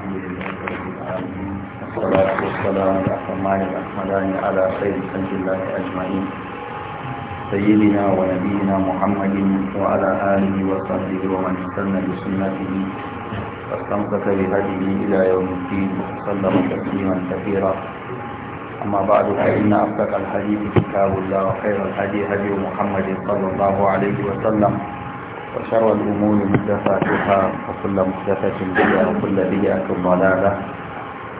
الحمد لله رب العالمين والصلاة والسلام على خير خلق الله أجمعين سيدنا ونبينا محمد وعلى آله وصحبه ومن استنى بسنته واستمسك بهديه إلى يوم الدين وسلم تسليما كثيرا أما بعد فإن أصدق الحديث كتاب الله وخير الحديث هدي محمد صلى الله عليه وسلم وشر الأمور محدثاتها وكل محدثة بدعة وكل بدعة ضلالة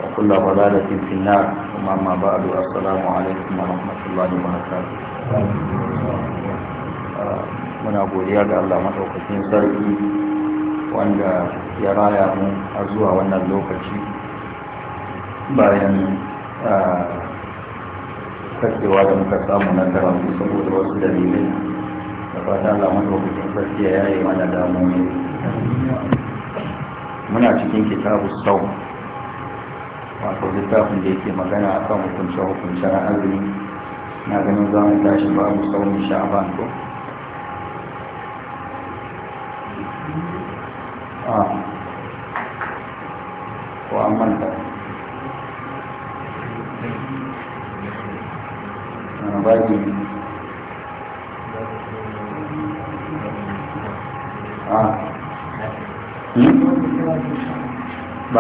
وكل ضلالة في النار ثم أما بعد السلام عليكم ورحمة الله وبركاته muna godiya da Allah maɗaukakin sarki wanda ya raya mu har zuwa wannan lokaci bayan katsewa da muka samu na karatu saboda wasu dalilai da fata Allah madaukakin sarki ya yi mana damuwa muna cikin kitabu sau wato littafin da yake magana a kan hukunce hukunce na azumi na ganin zamu tashi babu sau ni sha'aban ko a ko an manta na bagi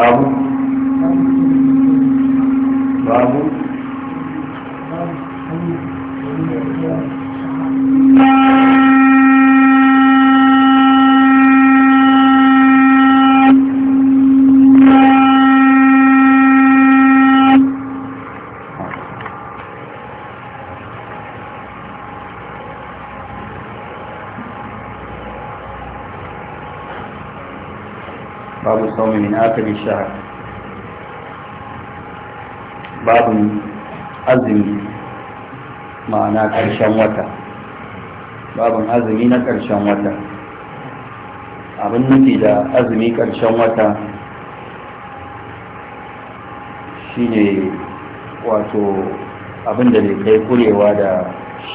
um, الصيام من آخر الشهر azumi ma'ana معنى wata. وتا azumi na نكرشان wata. abin nufi da azumi ƙarshen wata shine wato abin da bai kai kurewa da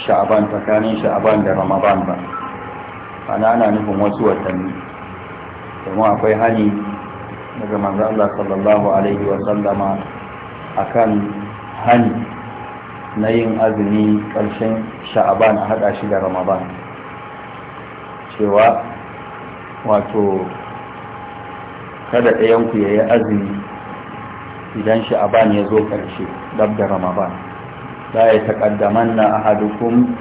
sha'aban tsakanin sha'aban da ramaban ba ana na nufin wasu watanni domin akwai hani daga manzo Allah sallallahu alaihi wa sallama akan hani na yin azumi ƙarshen sha'aban a haɗa shi da ramadan cewa wato kada ɗayanku ya yi azumi idan sha'aban ya zo ƙarshe dab da ramadan a ya taƙaddaman na ahadukum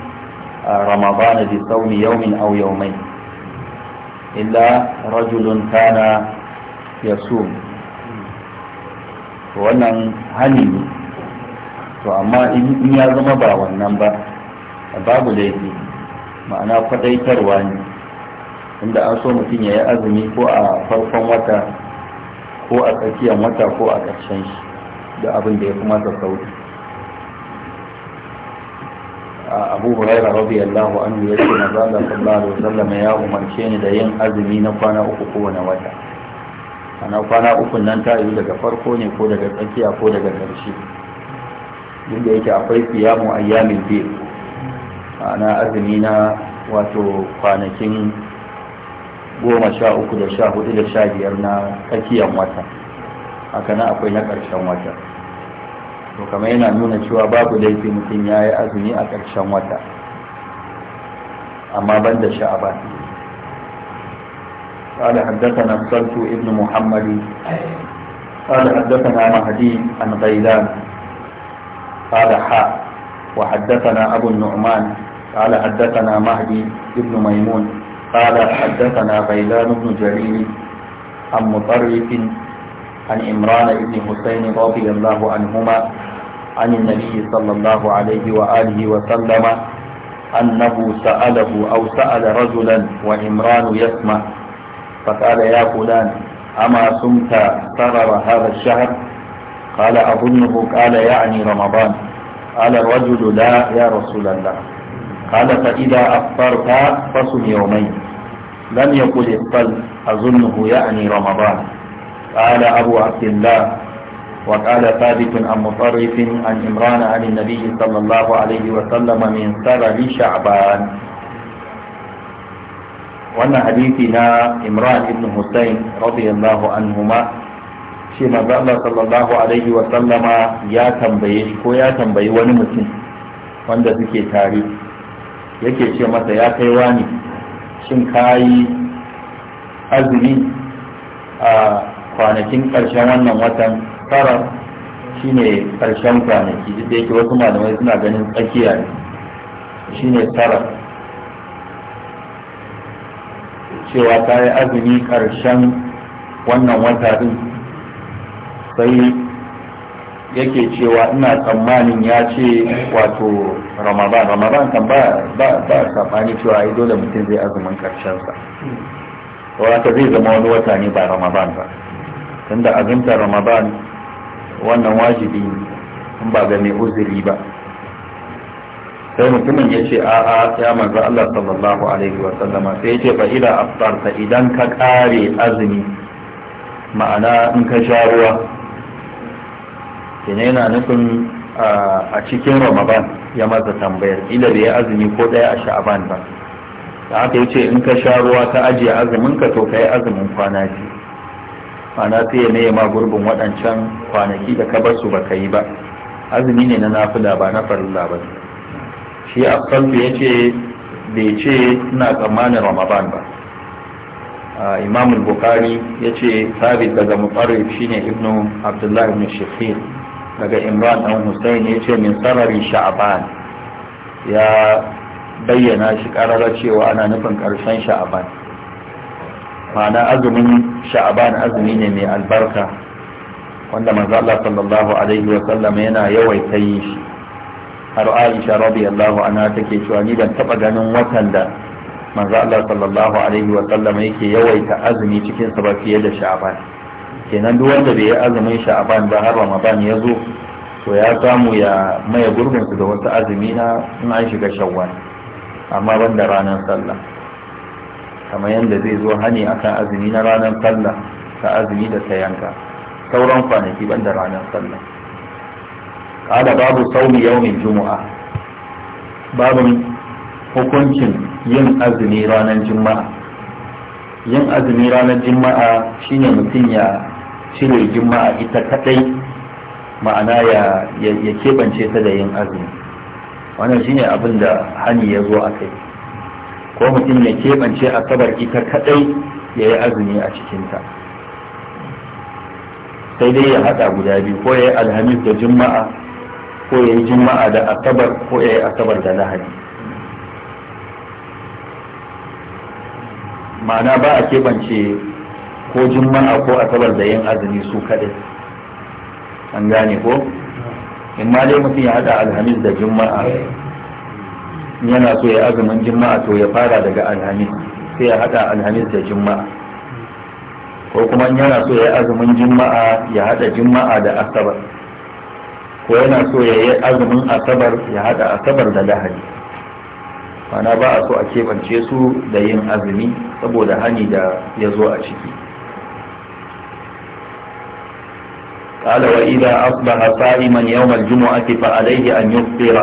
ramadan bi sauni yawmin au yawmayn illa rajulun kana ya so wannan hani ne to amma in ya zama ba wannan ba babu laifi ma'ana kwadaitarwa ne inda an so mutum ya yi azumi ko a farkon wata ko a tsakiyar wata ko a ƙarshen shi da abin da ya kuma ta a abu huraira yallahu an ya ce na zala sallama ya umarce ni da yin azumi na kwana uku kowane wata ana kwana ukun nan ta yi daga farko ne ko daga tsakiya ko daga ƙarshe duk da yake akwai siyamu ayyamin bi ana azumi na wato kwanakin goma sha uku da sha hudu da sha biyar na tsakiyan wata haka nan akwai na ƙarshen wata to kamar yana nuna cewa babu laifi mutum ya yi azumi a ƙarshen wata amma ban da sha'aba قال حدثنا الصلت ابن محمد قال حدثنا مهدي عن غيلان قال حاء وحدثنا أبو النعمان قال حدثنا مهدي ابن ميمون قال حدثنا غيلان بن جرير عن مطرف عن عمران بن حسين رضي الله عنهما عن النبي صلى الله عليه وآله وسلم أنه سأله أو سأل رجلا وعمران يسمع فقال يا فلان أما صمت قرر هذا الشهر قال أظنه قال يعني رمضان قال الرجل لا يا رسول الله قال فإذا أفطرت فصل يومين لم يقل الطل أظنه يعني رمضان قال أبو عبد الله وقال ثابت عن مطرف عن إمران عن النبي صلى الله عليه وسلم من سرر شعبان wannan hadisi na imran ibn hussein radiyallahu anhuma shi manzo Allah sallallahu alaihi wa sallama ya tambaye shi ko ya tambayi wani mutum wanda suke tare yake ce masa ya kai wani shin kayi azumi a kwanakin ƙarshen wannan watan farar shine ƙarshen kwanaki duk da yake wasu malamai suna ganin tsakiya ne shine farar cewa ta yi azumi karshen wannan wata din sai yake cewa ina tsammanin ya ce wato ramadan ramadan kan ba ba tsammani cewa ai dole mutum zai azumin karshen sa wata zai zama wani wata ne ba ramadan ba tunda azumta ramadan wannan wajibi in ba ga mai uzuri ba sai mutumin ya ce a'a ya manzo Allah sallallahu alaihi wa sallama sai ya ce fa ila aftarta idan ka kare azumi ma'ana in ka sha ruwa kenan yana nufin a cikin ramadan ya maza tambayar ila da ya azumi ko daya a sha'aban ba da haka ya ce in ka sha ruwa ta ajiye azumin ka to ka yi azumin kwana biyu ma'ana sai ya ma gurbin waɗancan kwanaki da ka bar su ba ka yi ba azumi ne na nafila ba na farilla ba shi asalfi ya ce bai ce ina tsammanin ramadan ba imam bukari ya ce sabit daga mutsarif shine ibnu abdullahi ibn shafir daga imran dan hussein ya ce min sarari sha'aban ya bayyana shi karara cewa ana nufin karshen sha'aban ma'ana azumin sha'aban azumi ne mai albarka wanda manzo Allah sallallahu alaihi wa sallam yana yawaita yi shi har Aisha radiyallahu anha take cewa ni ban taba ganin watan da manzo Allah sallallahu alaihi wa sallam yake yawaita azumi cikin sa ba fiye da Sha'ban kenan duk wanda bai yi azumin Sha'ban ba har Ramadan ya zo to ya samu ya maye gurbin su da wasu azumi na in an shiga Shawwal amma ban da ranar sallah kamar yadda zai zo hani akan azumi na ranar sallah ta azumi da ta yanka sauran kwanaki ban da ranar sallah sau باب صوم mai الجمعة Babu hukuncin yin azumi ranar juma'a yin azumi ranar juma'a shine mutum ya cire juma'a ita kadai ma'ana ya ya kebance ta da yin azumi wannan shine abin da hani ya zo a kai ko mutum ya kebance asabar ita kadai ya yi azumi a cikinta sai dai ya hada guda biyu ko ya yi alhamis da juma'a ko ya yi juma'a da asabar ko ya yi asabar da lahadi ma'ana ba a keɓance ko juma'a ko asabar da yin azumi su kaɗai an gane ko in ma dai mutum ya haɗa alhamis da juma'a yana so ya azumin juma'a to ya fara daga alhamis sai ya haɗa alhamis da juma'a ko kuma yana so ya azumin juma'a ya haɗa juma'a da asabar ko yana so ya yi azumin asabar ya haɗa asabar da lahadi mana ba a so a keɓance su da yin azumi saboda hani da ya zo a ciki قال وإذا أصبح صائما يوم الجمعة فعليه أن يفطر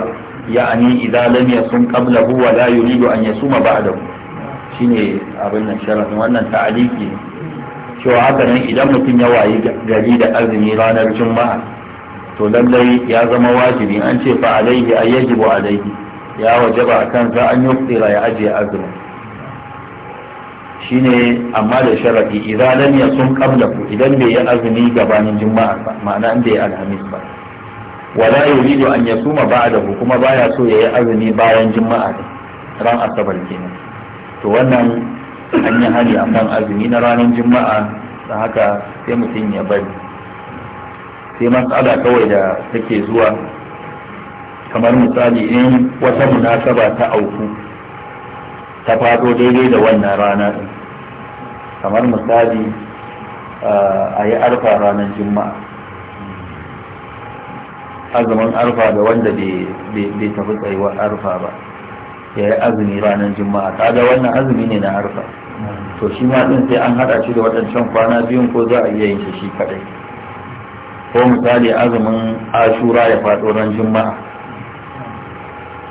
يعني إذا لم يصم قبله ولا يريد أن يصوم بعده shine abin nan wannan ta'aliki ne cewa haka nan idan mutum ya wayi gari da azumi ranar juma'a to lallai ya zama wajibi an ce fa alaihi ay yajibu alaihi ya wajaba akan za an yuftira ya ajiye azumi shine amma da sharadi idan lam yasum qablahu idan bai yi azumi gabanin juma'a ba ma'ana an bai alhamis ba wala yuridu an yasuma ba'dahu kuma baya so yayi azumi bayan juma'a ran asabar kenan to wannan an yi hali akan azumi na ranar juma'a da haka sai mutum ya bari sai matsala kawai da take zuwa kamar misali in wata munasaba ta auku ta fado daidai da wannan rana din kamar misali a yi arfa ranar juma'a azumin arfa da wanda bai tafi tsayuwa arfa ba ya yi azumi ranar juma'a kaga wannan azumi ne na arfa to shi ma din sai an hada shi da waɗancan kwana biyun ko za a iya yin shi shi kaɗai ko misali azumin ashura ya faɗo ran juma'a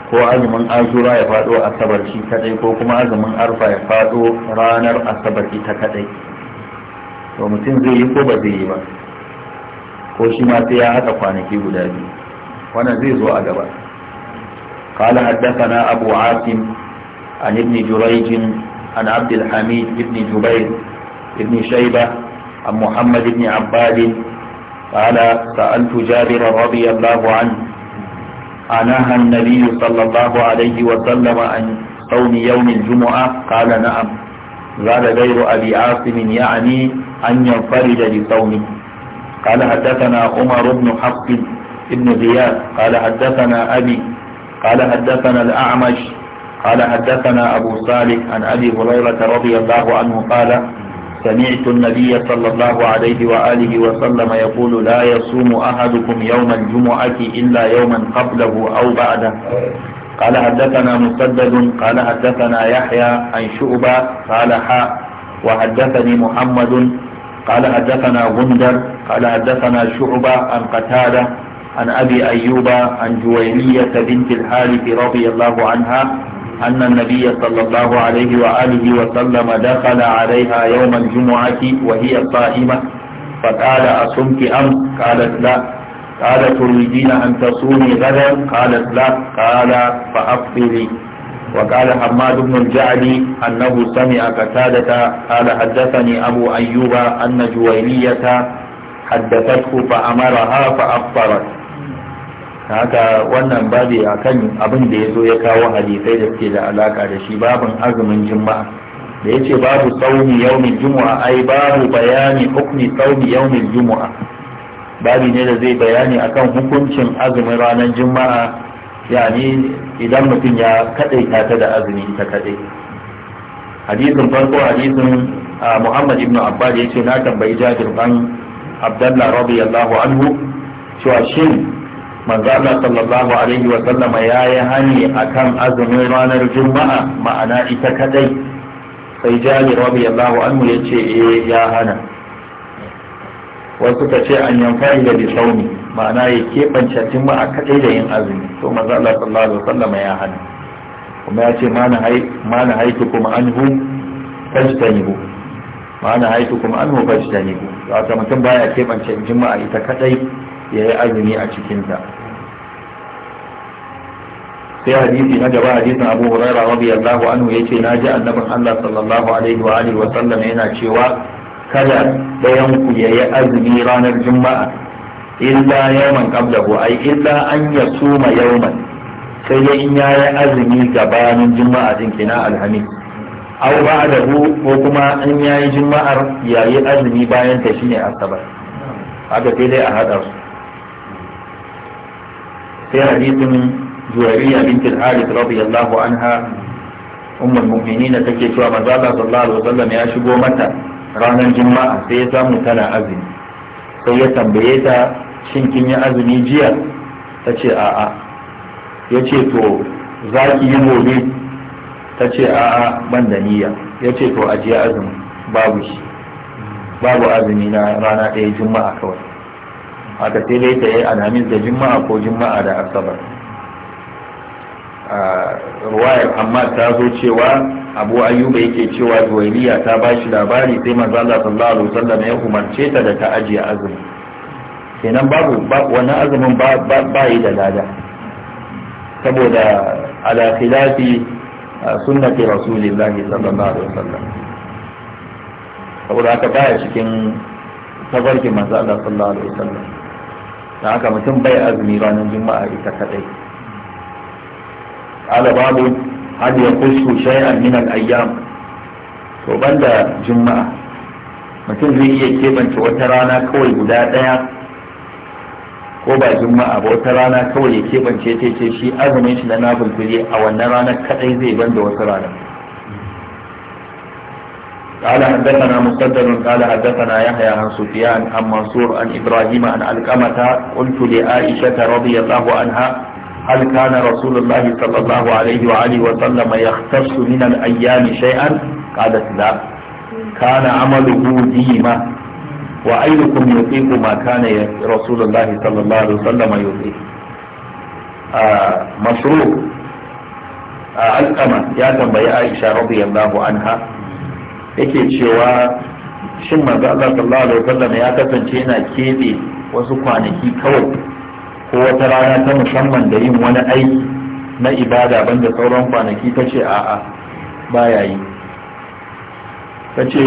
ko azumin ashura ya faɗo asabar shi kadai ko kuma azumin arfa ya faɗo ranar asabar ita kadai to mutum zai yi ko ba zai yi ba ko shi ma sai ya haɗa kwanaki guda biyu wannan zai zo a gaba قال Haddasa أبو عاصم عن ابن جريج عن عبد الحميد ibn جبير بن شيبة عن محمد قال سألت جابرا رضي الله عنه أنهى النبي صلى الله عليه وسلم عن صوم يوم الجمعة قال نعم قال غير أبي عاصم يعني أن ينفرد لصومه قال حدثنا عمر بن حفص بن زياد قال حدثنا أبي قال حدثنا الأعمش قال حدثنا أبو صالح عن أبي هريرة رضي الله عنه قال سمعت النبي صلى الله عليه وآله وسلم يقول لا يصوم أحدكم يوم الجمعة إلا يوما قبله أو بعده قال حدثنا مسدد قال حدثنا يحيى عن شعبة قال حاء وحدثني محمد قال حدثنا غندر قال حدثنا شعبة عن قتادة عن أبي أيوب عن جويرية بنت الحارث رضي الله عنها أن النبي صلى الله عليه وآله وسلم دخل عليها يوم الجمعة وهي صائمة فقال أصمت أمس قالت لا قال تريدين أن تصومي غدا قالت لا قال فأفطري وقال حماد بن الجعد أنه سمع قتادة قال حدثني أبو أيوب أن جويرية حدثته فأمرها فأفطرت haka wannan babi akan abin da ya zo ya kawo hadisai da suke da alaka da shi babin azumin juma'a da yace babu tsauni yaumin juma'a ai babu bayani hukmi tsauni yaumin juma'a babi ne da zai bayani akan hukuncin azumin ranar juma'a yani idan mutum ya kadaita ta da azumi ta kadai hadisin farko hadisin Muhammad ibn Abbas yace na tambayi Jabir abdallah Abdullah radiyallahu anhu cewa shin manzo Allah sallallahu alaihi wa sallama ya yi hani a kan azumin ranar juma'a ma'ana ita kadai sai jabir radiyallahu anhu yace eh ya hana wasu ka ce an yanfari da bisauni ma'ana ya keɓance juma'a kadai da yin azumi to manzo Allah sallallahu alaihi wa sallama ya hana kuma ya ce ma na haiku kuma an hu fajtanibu ma na haiku kuma an hu fajtanibu wata mutum baya keɓance juma'a ita kadai ya yi azumi a cikinta sai hadisi na gaba hadisin abu huraira radiyallahu anhu yace na ji annabin allah sallallahu alaihi wa alihi wa sallam yana cewa kada dayan ku yayi azumi ranar juma'a illa yawman qablahu ai illa an yasuma yawman sai dai in yayi azumi gabanin juma'a din kina alhamis aw ba'dahu ko kuma in yayi juma'ar yayi azumi bayan ta shine asabar haka sai dai a hadar sai hadisin juwariya bintul harith radiyallahu anha ummul mu'minin take cewa manzo Allah sallallahu alaihi ya shigo mata ranar juma'a sai ya samu tana azumi sai ya tambaye ta shin kin yi azumi jiya ta ce a'a ya ce to za ki yi gobe ta ce a'a ban da niyya ya ce to ajiye azumi babu azumi na rana ɗaya juma'a kawai haka sai dai ta yi alhamis da juma'a ko juma'a da asabar ruwayar amma ta zo cewa abu ayyuba yake cewa duwailiya ta ba shi labari sai manzala sallallahu alaihi wasallam ya umarce ta da ta ajiye azumi kenan babu wannan azumin ba yi da lada saboda ala khilafi sunnati rasulillahi sallallahu alaihi wasallam saboda haka baya cikin tafarkin manzala sallallahu alaihi wasallam haka mutum bai azumi ranar juma'a ita kadai ala babu hal ya kusku shay'an min al-ayyam to juma'a mutum zai iya kebance wata rana kawai guda daya ko ba juma'a ba wata rana kawai ya keɓance ta ce shi azumin shi na nafin kuje a wannan ranar kadai zai banda wata rana قال حدثنا مسدد قال حدثنا يحيى عن سفيان عن منصور عن ابراهيم عن القمه قلت لعائشه رضي الله عنها هل كان رسول الله صلى الله عليه وآله وسلم يختص من الأيام شيئا قالت لا كان عمله ديما وأيكم يطيق ما كان رسول الله صلى الله عليه وسلم يطيق مسروق alƙama ya tambayi aisha radiyallahu anha yake cewa shin manzo Allah ya kasance yana kebe wasu kwanaki kawai ko wata rana ta musamman da yin wani aiki na ibada banda sauran kwanaki ta ce a'a ya yi ta ce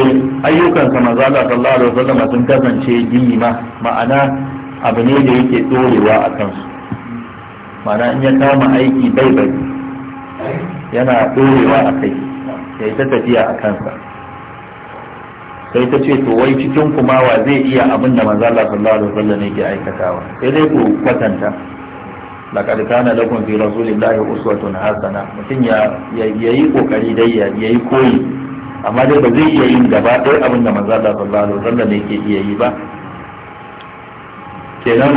ayyukansa mazala sallallahu alaihi wasallam sun kasance ma, ma'ana abu ne da yake dorewa a kansu ma'ana in ya kama aiki bai bai yana dorewa a kai ya yi ta tafiya a kansa sai ta ce to wai cikin kuma wa zai iya abin da manzo Allah sallallahu alaihi wasallam yake aikatawa sai dai ku kwatanta laqad kana lakum fi rasulillahi uswatun hasana mutum ya yayi kokari dai ya yayi koyi amma dai ba zai iya yin gaba ɗaya abin da manzo Allah sallallahu alaihi wasallam yake iya yi ba kenan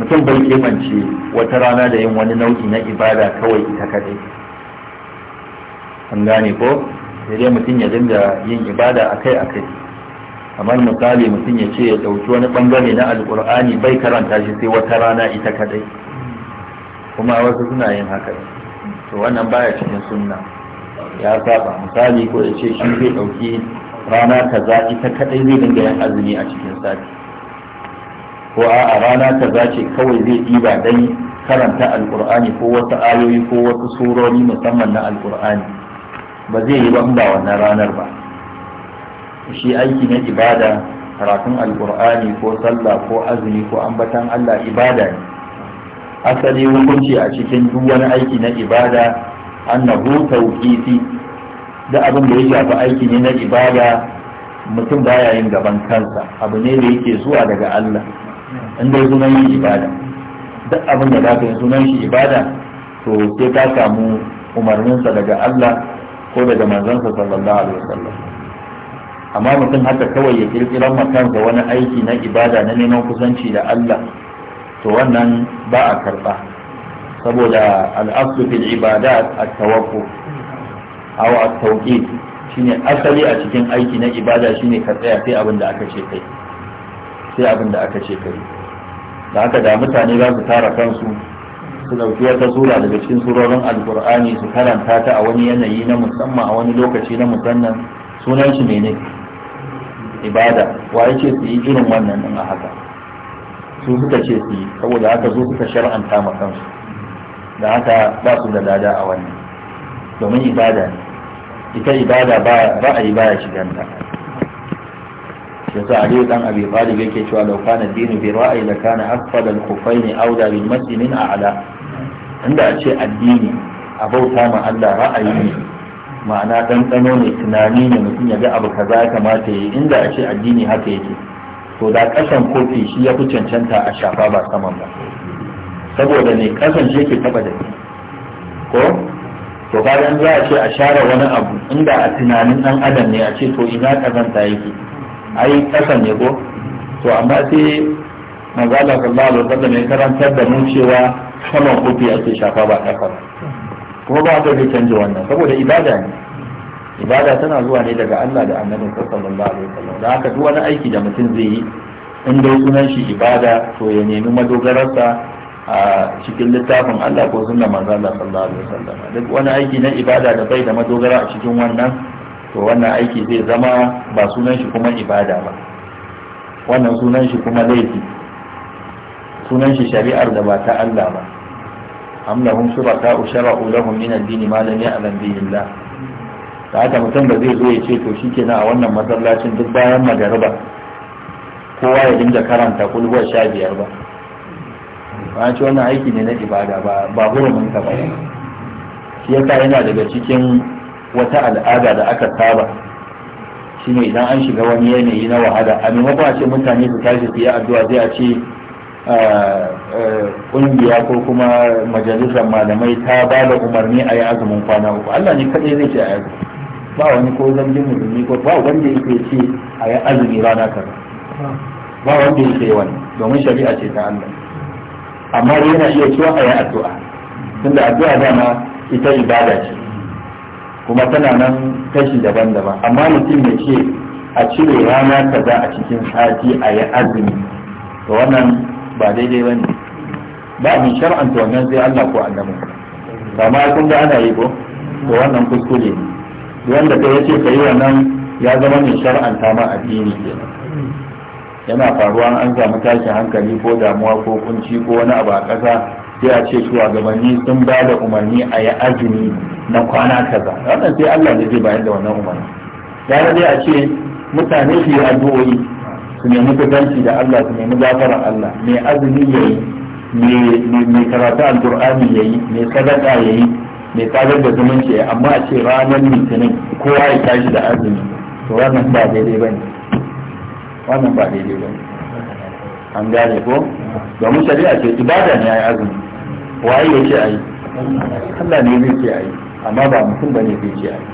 mutum bai kimance wata rana da yin wani nau'i na ibada kawai ita kadai an gane ko sai dai mutum ya dinga yin ibada akai akai kamar misali mutum ya ce ya ɗauki wani ɓangare na alƙur'ani bai karanta shi sai wata rana ita kadai kuma wasu suna yin haka to wannan baya cikin sunna ya saba misali ko ya ce shi zai ɗauki rana kaza ita kadai zai dinga yin azumi a cikin sati ko a rana kaza ce kawai zai ɗiba dan karanta alƙur'ani ko wasu ayoyi ko wasu surori musamman na alƙur'ani ba zai yi ba ba wannan ranar ba shi aiki na ibada karatun alkur'ani ko sallah ko azumi ko ambatan allah ibada ne asali hukunci a cikin duk wani aiki na ibada annahu tauqifi da abin da ya shafi aiki ne na ibada mutum baya yin gaban kansa abu ne da yake zuwa daga Allah in dai yin ibada duk abin da zaka yi sunan shi ibada to sai ka samu umarninsa daga Allah ko daga manzansa sallallahu alaihi wasallam amma mutum haka kawai ya kirkiran makansa wani aiki na ibada na neman kusanci da Allah to wannan ba a karba saboda al'asu fil ibadat at-tawakkul aw at-tawqif shine asali a cikin aiki na ibada shine ka tsaya sai abin da aka ce kai sai abin da aka ce kai da haka da mutane za su tara kansu su ɗauki wata sura daga cikin surorin alkur'ani su karanta ta a wani yanayi na musamman a wani lokaci na musamman sunan shi mene ibada wa ya ce su yi irin wannan din a haka su suka ce su yi saboda haka su suka shar'anta ma kansu da haka ba su da lada a wannan domin ibada ne ita ibada ba ra'ayi baya shiganta yasa Aliyu dan Abi Talib yake cewa law kana dinu bi ra'ayi la kana afdal al-khuffayn awda bil masjidin a'la inda a ce addini a bauta ma Allah ra'ayi ne ma'ana ɗanɗano ne tunani ne mutum ya ga abu kaza ya kamata ya yi inda a ce addini haka yake to da ƙasan kofi shi ya fi cancanta a shafa ba saman ba saboda ne ƙasan shi yake taɓa da ko to bayan za a ce a share wani abu inda a tunanin ɗan adam ne a ce to ina ƙazanta yake ai ƙasan ne ko to amma sai manzala sallallahu alaihi wasallam ya karantar da mu cewa saman kofi ake shafa ba ƙasa kuma ba ka zai canji wannan saboda ibada ne ibada tana zuwa ne daga Allah da annabi sallallahu alaihi wasallam da haka duk wani aiki da mutum zai yi in dai sunan shi ibada to ya nemi madogararsa a cikin littafin Allah ko sunnar manzo Allah sallallahu alaihi wasallam duk wani aiki na ibada da bai da madogara a cikin wannan to wannan aiki zai zama ba sunan shi kuma ibada ba wannan sunan shi kuma laifi sunan shi shari'ar da ba ta Allah ba am lahum shuraka usharu lahum min ad-din ma lam ya'lam bihi Allah ta haka mutum ba zai zo ya ce to shikenan a wannan masallacin duk bayan magariba kowa ya dinga karanta kulhuwar sha biyar ba ba ce wannan aiki ne na ibada ba ba hurumin ka ba shi yasa yana daga cikin wata al'ada da aka saba shine idan an shiga wani yanayi na wahala a maimakon a ce mutane su tashi su yi addu'a sai a ce kungiya ko kuma majalisar malamai ta ba da umarni a yi azumin kwana uku Allah ne kaɗai zai ce a yi ba wani ko zangin musulmi ko ba wanda yake ce a yi azumi rana kaza ba wanda yake wani domin shari'a ce ta Allah amma yana iya cewa a yi addu'a tunda addu'a dama ita ibada ce kuma tana nan kashi daban-daban amma mutum ya ce a cire rana kaza a cikin sati a yi azumi to wannan ba daidai ba ne. ba min wannan sai Allah ko annabi ma kun ga ana yi ko to wannan kuskure ne wanda kai yace kai wannan ya zama mai shar'anta ma addini ke. yana faruwa an samu tashin hankali ko damuwa ko kunci ko wani abu a ƙasa sai a ce gabanni sun ba da umarni a yi azumi na kwana kaza wannan sai Allah ne zai bayar da wannan umarni ya dai a ce mutane su yi addu'o'i su nemi kusanci da Allah su nemi gafara Allah mai azumi ya yi mai karatu ya yi mai sadaka yi, mai tsadar da zumunci ya amma a ce ranar litinin kowa ya tashi da azumi to wannan ba daidai ba ne, wannan ba daidai ba ne. an gane ko domin shari'a ce ibada ne yi azumi waye ya a ayi Allah ne zai ce ayi amma ba mutum bane zai ce ayi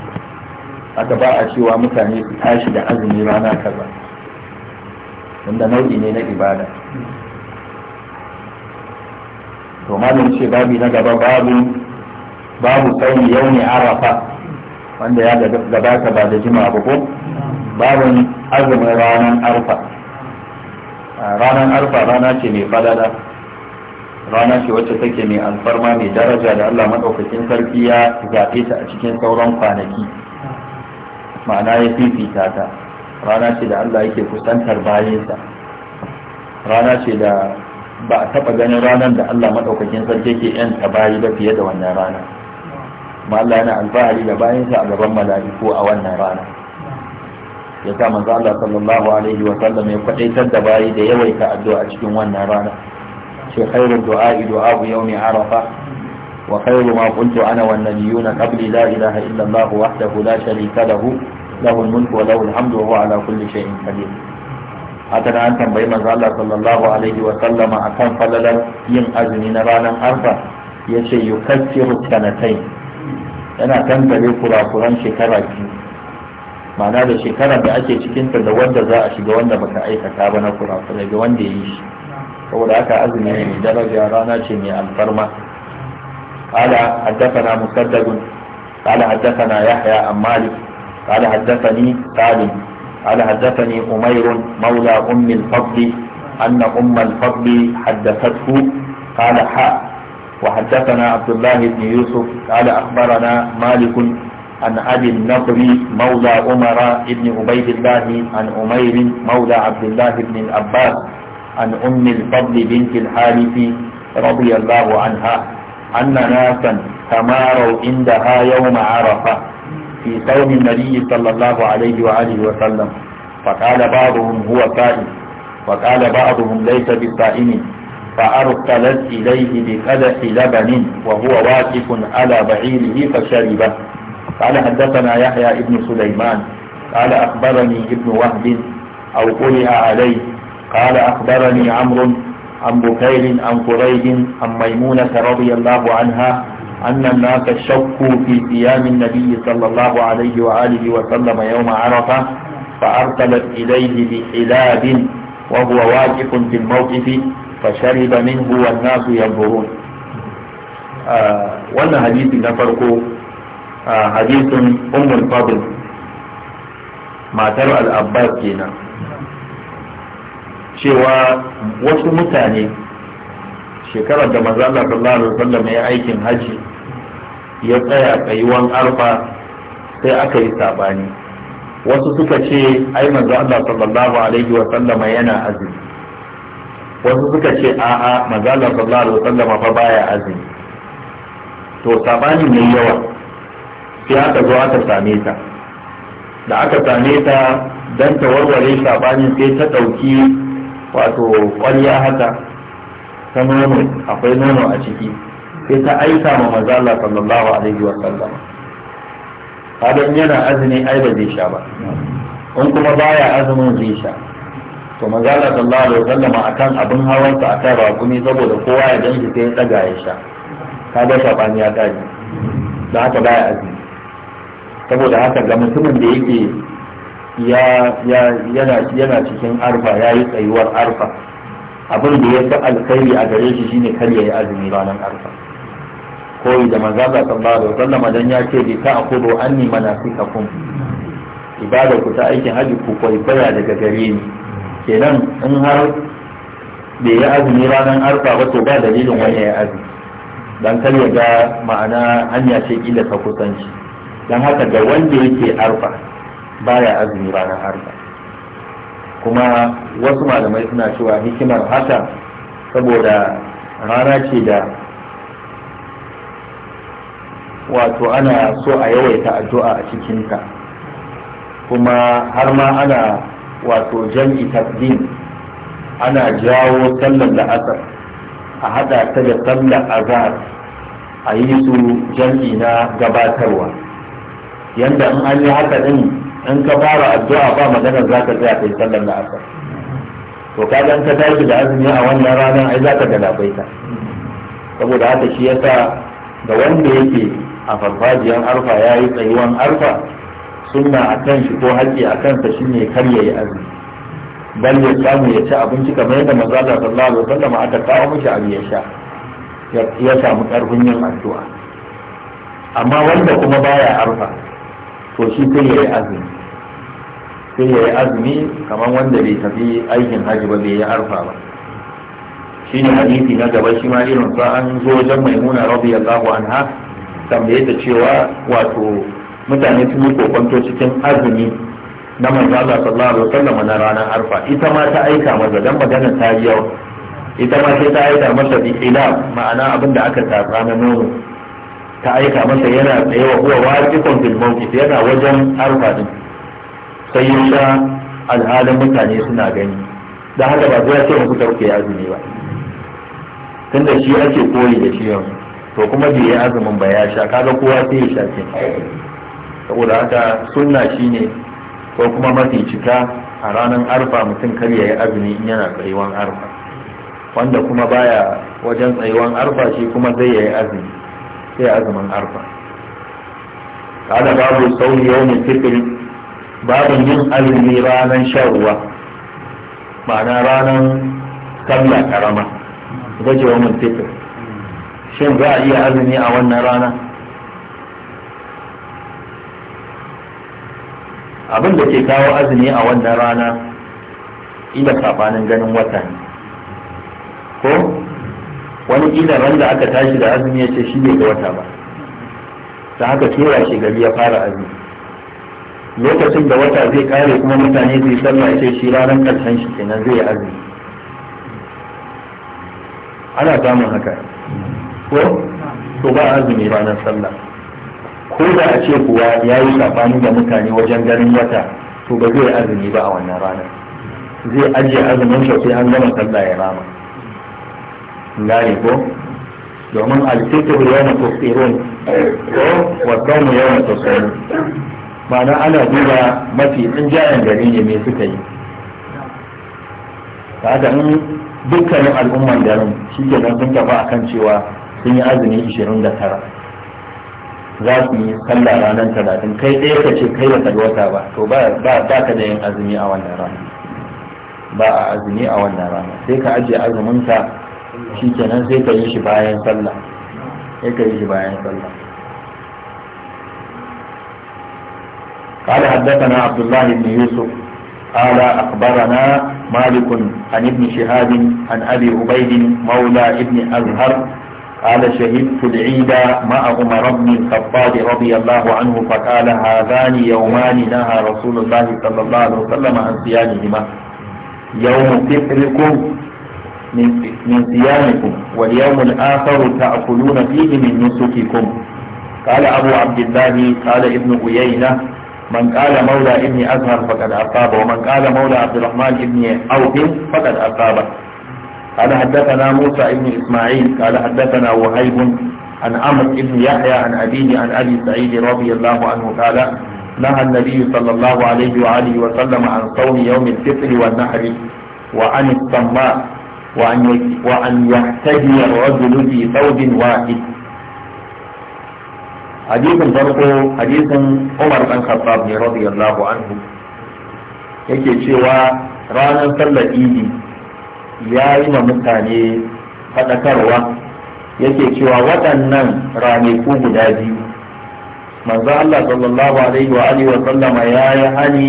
haka ba a cewa mutane su tashi da azumi rana kaza wanda nau'i ne na ibada to malam ce babi na gaba babu babu sai yau ne arafa wanda ya gabata ba da jima ba ko Babu azumin ranar arfa ranar arfa rana ce mai falala rana ce wacce take mai alfarma mai daraja da allah maɗaukakin sarki ya zaɓe ta a cikin sauran kwanaki ma'ana ya fifita ta rana ce da Allah yake kusantar bayansa rana ce da ba a taɓa ganin ranar da Allah maɗaukakin sarki ke yan ta bayi ba fiye da wannan rana ma Allah yana alfahari da bayansa a gaban mala'iku a wannan rana ya sa manzo Allah sallallahu alaihi wa sallam ya kwadaitar da bayi da yawaita addu'a cikin wannan rana ce khairu du'a du'a yawmi arafa ma qultu ana wan nabiyuna qabli la ilaha illa Allah wahdahu la sharika lahu له الملك وله الحمد وهو على كل شيء قدير hakan an tambayi manzo Allah sallallahu alaihi wa sallama akan falalar yin azumi na ranar arfa yace yukaffiru sanatain yana tangare kuran shekara biyu ma'ana da shekarar da ake cikin ta da wanda za a shiga wanda baka aikata ba na kurakurai ga wanda ya yi shi saboda haka azumi mai daraja rana ce mai alfarma قال حدثنا مسدد قال حدثنا يحيى عن مالك قال حدثني سالم قال حدثني أمير مولى أم الفضل أن أم الفضل حدثته قال حاء وحدثنا عبد الله بن يوسف قال أخبرنا مالك عن أبي النضر مولى عمر بن عبيد الله عن أمير مولى عبد الله بن العباس عن أم الفضل بنت الحارث رضي الله عنها أن ناسا تماروا عندها يوم عرفة في صوم النبي صلى الله عليه وآله وسلم فقال بعضهم هو قائم وقال بعضهم ليس بصائم فأرسلت إليه بقدح لبن وهو واقف على بعيره فشربه قال حدثنا يحيى بن سليمان قال أخبرني ابن وهب أو قرئ عليه قال أخبرني عمرو عن بكير عن قريب عن ميمونة رضي الله عنها أن الناس شكوا في قيام النبي صلى الله عليه وآله وسلم يوم عرفة فأرسلت إليه بحلاب وهو واقف في الموقف فشرب منه والناس ينظرون آه، وأن وانا حديث نفرق آه، حديث أم الفضل ما ترى الأباس كينا cewa wasu mutane لما da الله صلى الله عليه وسلم يا أيكم haji ya tsaya tsayuwan arfa sai aka yi sabani wasu suka ce ai manzo Allah sallallahu alaihi wa sallama yana azumi wasu suka ce a'a manzo Allah sallallahu alaihi wa sallam fa baya azumi to sabani mai yawa sai aka zo aka same ta da aka same ta dan ta warware sabanin sai ta dauki wato kwarya haka ta nono akwai nono a ciki sai ta aika ma mazala sallallahu alaihi wa sallam hadan yana azumi ai ba zai sha ba in kuma baya azumin zai sha to mazala Allah sallallahu alaihi wa sallam akan abin hawansa akan rakumi saboda kowa ya danki sai ya daga ya sha kaga sabani ya kare da haka baya azumi saboda haka ga mutumin da yake yana cikin arfa ya yi tsayuwar arfa abin da ya fi alkhairi a gare shi shine kar ya yi azumi ranar arfa koyi da manzo Allah sallallahu alaihi wasallam dan ya ce bi ta'khudhu anni manasikakum ibada ku ta aikin haji ku koyi baya daga gare ni kenan in har bai yi azumi ranar arfa ba to ba dalilin wani ya azumi dan kar ya ga ma'ana hanya ce kila ta kusanci dan haka da wanda yake arfa baya azumi ranar arfa kuma wasu malamai suna cewa hikimar haka saboda rana ce da wato ana so a yawaita addu'a a cikinta kuma har ma ana wato jam'i tafdin ana jawo sallar la'asar a hada ta da sallar azhar a yi su jam'i na gabatarwa yanda in an yi haka din in ka fara addu'a ba magana za ka tsaya kai sallar la'asar to ka ga ka tashi da azumi a wannan rana, ai za ka galabaita saboda haka shi yasa da wanda yake a farfajiyar arfa ya yi tsayuwan arfa sunna a kan shi ko haƙƙi a kansa shi ne kar ya yi azumi bal ya samu ya ci abinci kamar yadda maza da sallallahu alaihi wasallam aka kawo mishi abu ya sha ya samu karfin yin addu'a amma wanda kuma baya arfa to shi sai ya yi azumi sai ya yi azumi kamar wanda bai tafi aikin haji ba bai yi arfa ba shi ne hadisi na gaba shi ma irin sa an zo wajen maimuna radiyallahu anha kamar da cewa wato mutane sun yi kokonto cikin azumi na manzo Allah sallallahu alaihi wasallam na ranar arfa ita ma ta aika maza dan magana ta yi yau ita ma sai ta aika masa bi ila ma'ana abin da aka tsatsa na nono ta aika masa yana tsaye wa huwa waqiqun bil mawqif yana wajen arfa din sai ya sha mutane suna gani dan haka ba zai ce musu dauke azumi ba tunda shi ake koyi da shi yanzu to kuma bai yi azumin ba ya sha kaga kowa sai ya shafe saboda haka sunna shine ko kuma mafi cika a ranar arfa mutum kar ya yi azumi in yana tsayuwan arfa wanda kuma baya wajen tsayuwan arfa shi kuma zai yi azumi sai azumin arfa kada babu sauri yawmin fitri babu yin azumi ranar shan ruwa ma'ana ranar sallah karama ita ce fitri shin za a iya azumi a wannan rana abin da ke kawo azumi a wannan rana ila sabanin ganin wata ne ko wani ila ran da aka tashi da azumi ya ce shi ne ga wata ba ta haka tura shi gari ya fara azumi lokacin da wata zai kare kuma mutane zai sallah ce shi ranar karshen shi kenan zai yi azumi ana samun haka ko to ba azumi ranar sallah ko da a ce kuwa ya yi safani da mutane wajen ganin wata to ba zai azumi ba a wannan ranar zai ajiye azumin sa sai an gama sallah ya rama ngare ko domin alfitur yana ko wa ya yana tafsirun ma'ana ana duba mafi rinjayen gari ne mai suka yi ta haka dukkanin al'umman garin shi ke nan sun a akan cewa sun yi azumi ishirin da tara za su yi sallah ranar talatin kai ɗaya ka ce kai baka wata ba to ba ka da yin azumi a wannan rana ba a azumi a wannan rana sai ka ajiye azumin ka shikenan sai ka yi shi bayan sallah sai ka yi shi bayan sallah قال حدثنا عبد الله بن يوسف قال أخبرنا مالك عن ابن شهاب عن أبي عبيد مولى ابن أزهر قال شهدت العيد مع عمر بن الخطاب رضي الله عنه فقال هذان يومان نهى رسول الله صلى الله عليه وسلم عن صيامهما يوم فطركم من صيامكم واليوم الآخر تأكلون فيه من نسككم قال أبو عبد الله قال ابن عيينة من قال مولى ابن أزهر فقد أصاب ومن قال مولى عبد الرحمن ابن أوف فقد أصاب قال حدثنا موسى بن إسماعيل قال حدثنا وهيب عن عمرو بن يحيى عن أبيه عن أبي سعيد رضي الله عنه قال نهى النبي صلى الله عليه وآله وسلم عن صوم يوم الفطر والنحر وعن الصماء وأن وأن يحتدي الرجل في ثوب واحد حديث الفرق حديث عمر بن الخطاب رضي الله عنه يكي cewa رانا صلى إيدي ya yi ma mutane faɗakarwa yake cewa waɗannan ranaku guda biyu manzo Allah sallallahu alaihi wa alihi wa sallama ya yi hani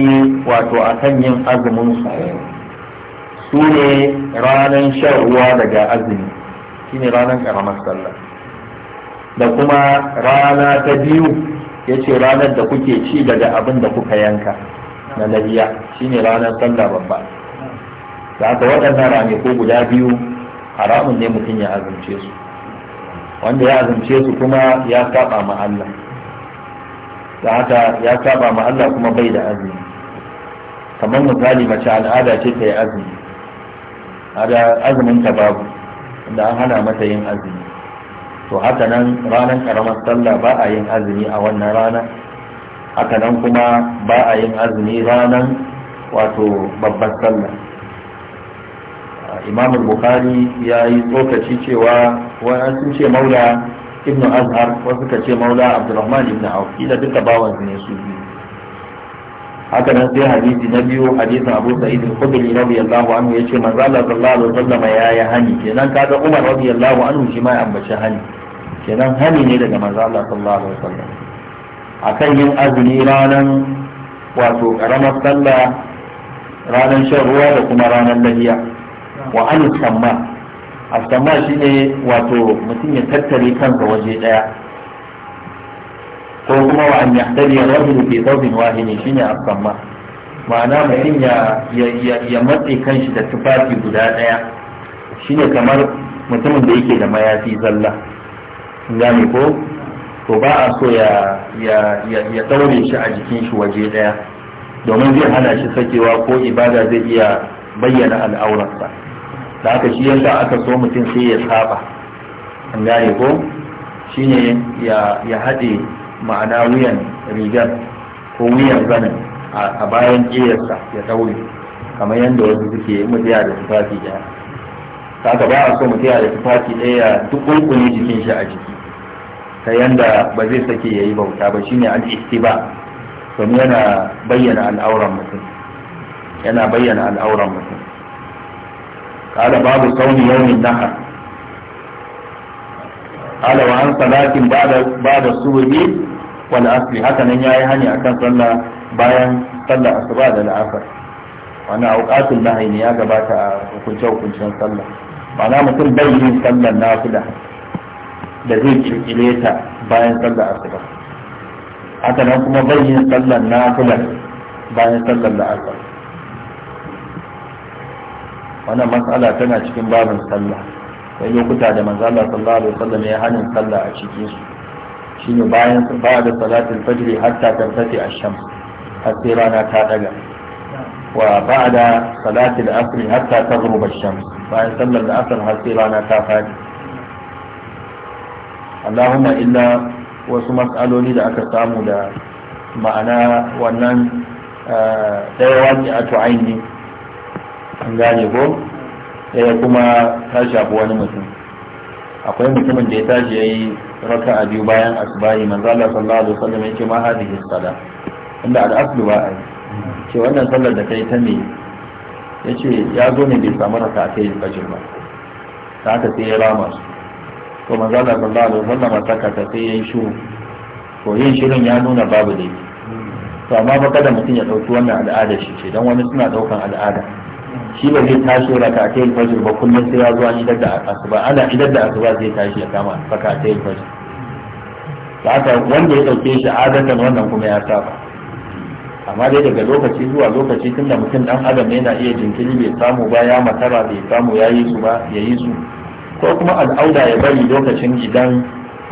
wato akan yin azumin su su ne ranar shan ruwa daga azumi shine ranan karamar sallah da kuma rana ta biyu yace ranar da kuke ci daga abin da kuka yanka na lahiya shine ranar sallah babba da haka waɗannan ranaku guda biyu haramun ne mutum ya azumce su wanda ya azumce su kuma ya saba ma Allah da haka ya saba ma Allah kuma bai da azumi kamar misali mace al'ada ce ta yi azumi azumin ta babu da an hana mata yin azumi to haka nan ranar karamar sallah ba a yin azumi a wannan rana haka nan kuma ba a yin azumi ranar wato babbar sallah imam bukhari ya yi tsokaci cewa wani ce maula ibn azhar wasu ka ce maula abdurrahman ibn auf kila duka bawan ne su biyu haka nan sai hadisi na biyu hadisin abu sa'id al-khudri radiyallahu anhu yace manzo Allah sallallahu alaihi wasallam ya yi hani kenan kaga umar radiyallahu anhu shi ma ya ambaci hani kenan hani ne daga manzo Allah sallallahu alaihi wasallam akan yin azumi ranan wato karamar sallah ranar shan ruwa da kuma ranar lahiya wa an samma asama shine wato mutum ya tattare kansa waje daya ko kuma wa an yahtari rajulu fi thawbin wahidin shine samma ma'ana mutum ya ya matse kanshi da tufafi guda daya shine kamar mutumin da yake da mayafi zalla gane ko to ba a so ya ya ya daure shi a jikin shi waje daya domin zai hana shi sakewa ko ibada zai iya bayyana al'aurarsa da haka shi yasa aka so mutum sai ya saba an gane ko shine ya ya haɗe ma'ana wuyan rigar ko wuyan zanen a bayan ƙiyarsa ya ɗaure kamar yadda wasu suke mutum da tufafi ɗaya ka ba a so mutum da tufafi ɗaya duk tukunkune jikin shi a jiki ta yanda ba zai sake ya yi bauta ba shine al ba domin yana bayyana al'auran yana bayyana al'auran mutum قال باب صوم يوم النحر قال وعن صلاة بعد بعد الصبح والعصر هكذا أكن صلى bayan sallar asuba da la'asar wani auqatul nahi ne ya gabata a hukunce hukuncen sallah ma'ana mutum bai yin sallar nafila da zai kirkire bayan sallar asuba haka nan kuma bai yin sallar nafila bayan sallar la'asar wannan matsala tana cikin babin sallah sai lokuta da manzo Allah sallallahu alaihi wasallam ya hanin sallah a cikin su shine bayan ba da salatul fajr hatta kan ash-shams har sai rana ta daga wa ba'da salatul asr hatta taghrub ash-shams bayan sallar da asr har sai rana ta fadi Allahumma illa wasu mas'aloli da aka samu da ma'ana wannan ɗaya eh, wani a tu'aini an gane ko ɗaya eh, kuma ta shafi wani mutum akwai mutumin da ya tashi ya yi raka a biyu bayan asibari manzo Allah sallallahu alaihi wasallam ya ce ma hadhihi sala inda aslu ba ai ce wannan sallar da kai ta me ya ce ya zo ne bai samu raka a kai fajr ba ta haka sai ya rama su to manzo Allah sallallahu alaihi wasallam ka ta sai ya yi Ko yin shirin ya nuna babu dai. to amma ba kada mutum ya dauki wannan al'ada shi ce don wani suna daukan al'ada shi ba zai tashi ka a yin ba kullum sai ya zo an idar da asuba ana idar da asuba zai tashi ya kama ka a yin fajr ba haka wanda ya dauke shi adatan wannan kuma ya saba amma dai daga lokaci zuwa lokaci tun da mutum dan adam yana iya jinkiri bai samu ba ya matara bai samu ya yi su ba ya yi su ko kuma al'auda ya bari lokacin idan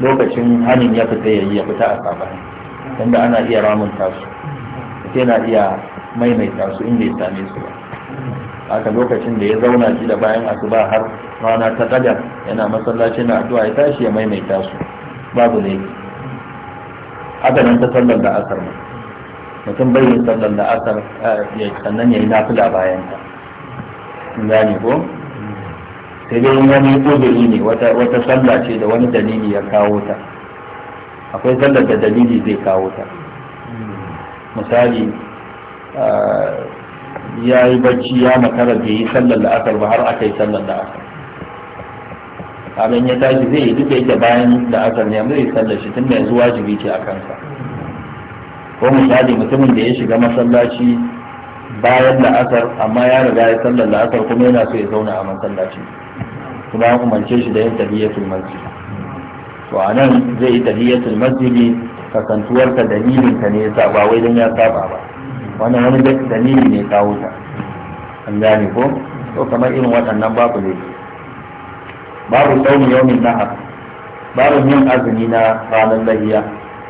lokacin hannun ya fita ya yi ya fita a saba tunda ana iya ramunta su yana iya maimaita su inda ya same su ba haka lokacin da ya zauna shi da bayan asuba har rana ta kadar yana masallaci na addu'a ya tashi ya maimaita su babu ne aka nan ta sallar da asar mutum bai yin sallar da asar ya sannan ya yi nafila bayan ta gane ko sai dai wani uzuri ne wata sallah ce da wani dalili ya kawo ta akwai sallar da dalili zai kawo ta misali ya yi bacci ya makara bai yi sallar la'asar ba har aka yi sallar la'asar abin ya tashi zai yi duk da yake bayan la'asar ne zai sallar shi tun da yanzu wajibi ce a kansa ko misali mutumin da ya shiga masallaci bayan la'asar amma ya riga ya sallar la'asar kuma yana so ya zauna a masallaci kuma an umarce shi da yin tahiyatul masjid to a nan zai yi tahiyatul masjid kasantuwar ka ne ya saba wai dan ya saba ba wannan wani dalili ne kawo ta an gane ko to kamar irin waɗannan babu ne babu tsauni yaumin nahar babu yin azumi na ranar lahiya